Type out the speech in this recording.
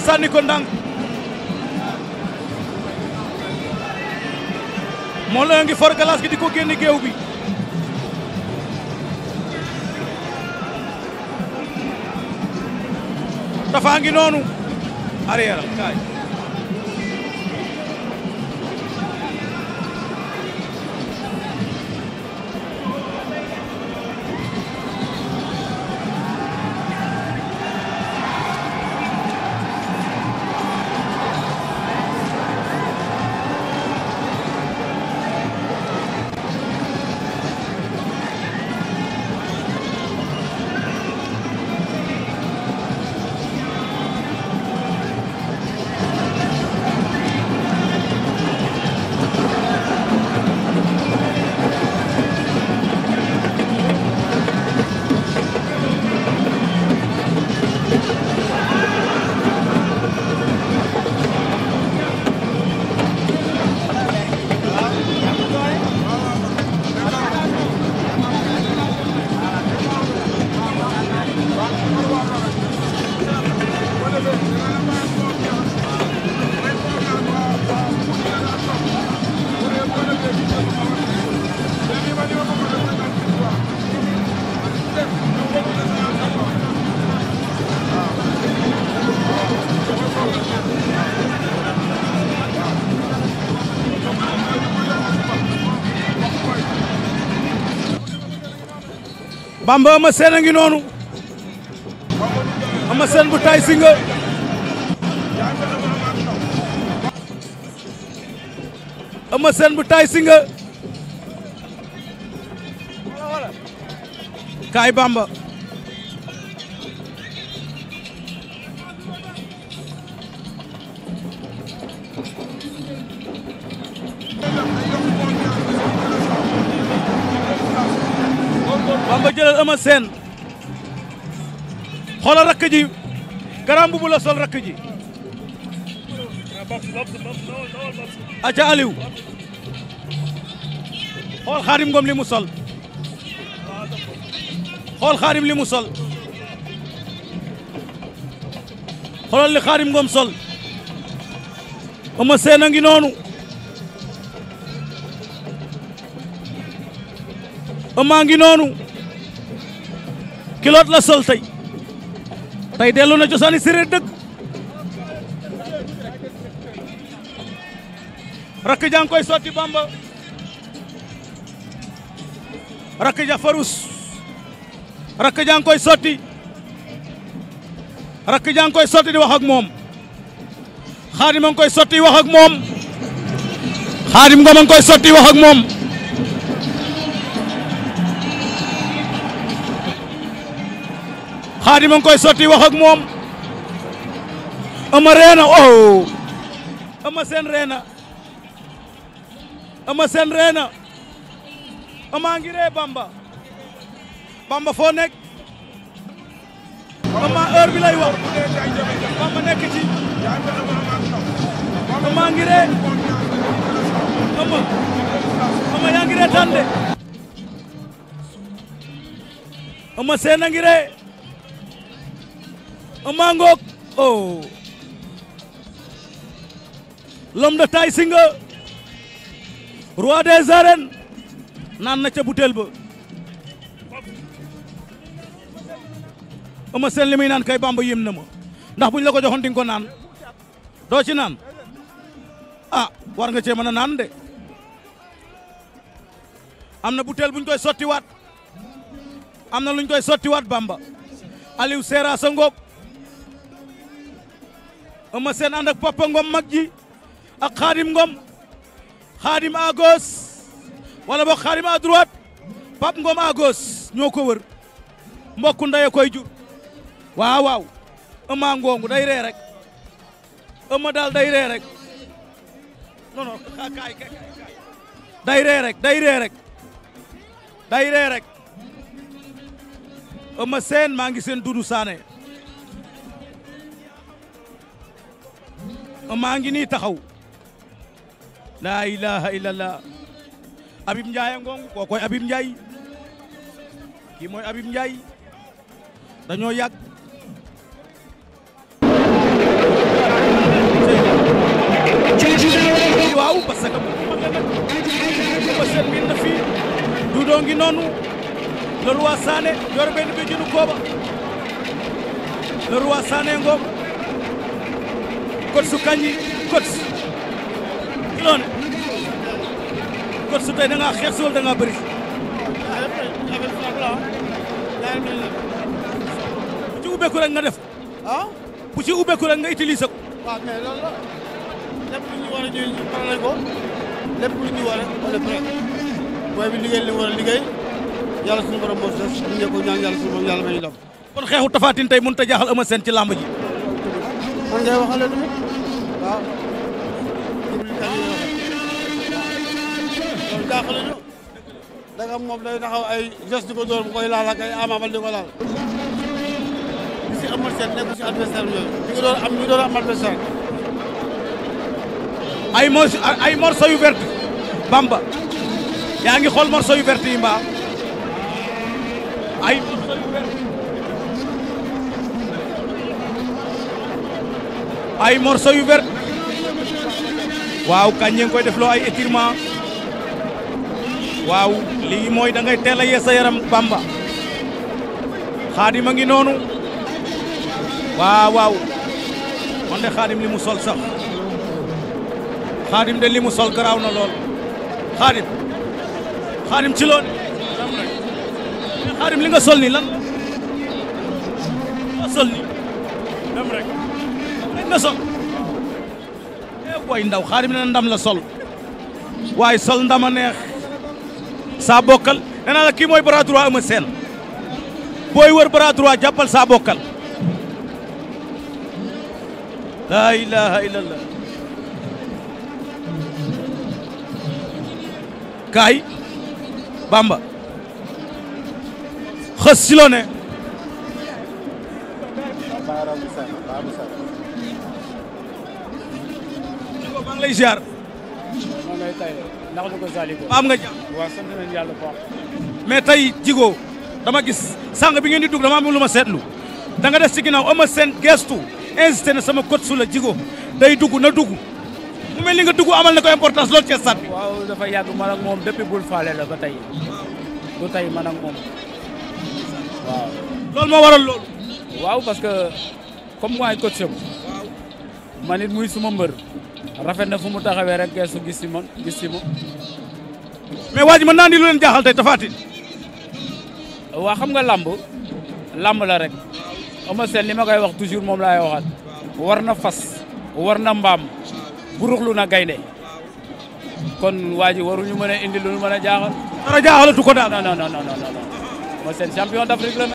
ba sànni ko ndànk moo la ngi for galaas gi di ko génne géew bi dafa ngi noonu arrière kaay Bamba Eumeu Sène a ngi noonu Eumeu Sène bu si nga Eumeu Sène si nga kaay Bamba Samba jëlal Eumeu Sène xoolal rakk ji garam bu la sol rakk ji aca Aliou xool Xaadim Ngom li mu sol xool Xaadim li mu sol xoolal li Xaadim Ngom sol Eumeu Sène a ngi noonu Eumeu a ngi noonu kiloot la sol tey tey dellu na cosaani séeréer dëgg rakk jaa koy sotti bamba rakk ja farus rakk jaa koy sotti rakk jaa koy sotti di wax ak moom xaadim a ngi koy sotti wax ak moom xaadim nga ma ngi koy sotti wax ak moom xaadima ngi koy sotti wax ak moom ama reena oh ama seen reena ama seen reena ama ngi ree bamba bamba foo nekk ama heure bi wax bamba nekk ci ama ngi ree ama ama yaa ngi ree tànde ama seen a ngi ree Eumeu ngoog oh l'homme de taille Singa roi des arènes naan na ca butéel ba Eumeu Sène li muy naan kay Bamba yéem na ma ndax buñ la ko joxoon di nga doo ci naan a ah, war nga cee mën a naan de am na butéel buñ koy sottiwaat am na luñ koy sottiwaat Bamba Aliou Seera sa ngoog Eumeu Sène ànd ak Papa Ngom mag ji ak Khadim Ngom Khadim à gauche wala boog Khadim à droite Papa ñoo ko wër mbokku ndaye koy jur waaw waaw Eumeu ngongu day ree rek Eumeu day ree day ree rek day ree rek day maa ngi seen Doudou Sané maa ngi nii taxaw laa ilaha illallah Habib Ndiaye ngongu koo koy Habib Ndiaye kii mooy Habib Ndiaye dañoo yàgg waaw parce que bu na fii du doo noonu le roi Sané yor benn bi jënu kooba le roi Sané coach su Kandji coach ki loone coach su tey da ngaa xeex si wala da ngaa bëri. bu ci ubbeeku rek nga def. ah bu ci ubbeeku rek nga utiliser ko. waaw mais loolu la lépp lu ñu war a ñëw ñu faral ko lépp lu ñu war a wala pare booy bi liggéey li mu war a liggéey yàlla suñu borom moo si def ñu ko ñaan yàlla suñu borom yàlla may ñu kon xeexu Tapha Tine tey mënut a jaaxal Eumeu Sène ci làmb ji. man ngay waxale tamit waaw loolu jaaxle na danga moom day taxaw ay geste di ko mu koy laal ak ay amabal di laal di si Eumeu Sène nekk si adversaire yooyu di ko doon am ñu doon am adversaire ay mos ay morceau yu vert bamba yaa ngi xool morso yu vert yi mbaa yu vert ay morceau yu vert waaw kañ koy def loo ay étirement waaw lii mooy da ngay teel a sa yaram bamba xaadim a ngi noonu waaw waaw man de xaadim li mu sol sax xaadim de li mu sol garaaw na lool xaadim xaadim ci loon xaadim li nga sol ni lan rek la sol eh, ndaw xaadim nee na ndam la sol waaye sol ndama neex saa bokkal nee naa la kii mooy bras droit Eumeu booy wër bras droit jàppal saa bokkal laa ilaha illallah kaay bamba xës maa ngi lay ziar. maa tay ndax du ko Salick. am nga jàmm. waaw yàlla bu mais tey Djigo dama gis sànq bi ngeen di dugg dama am lu ma seetlu da nga des ci ginnaaw ama seen gestu insisté na sama code su la day dugg na dugg. mu mel ni nga dugg amal na ko importance lool ci bi. waaw dafa yàgg man moom depuis bul faale ba tey du tey man ak moom waaw. loolu moo waral loolu. waaw parce que comme waay coach am man it muy suma mbër. rafet na fu mu taxawee rek geesu gis si man gis si moom. mais waa ji mën naa ni lu leen jaaxal tey Tapha waa xam nga lamb lamb la rek ama seen li ma koy wax toujours moom laay waxaat war na fas war na mbaam buruxlu na gaynde kon waa ji waruñu mën a indi lu ñu mën a jaaxal. dara jaaxalatu ko daal non non non non seen champion d'Afrique la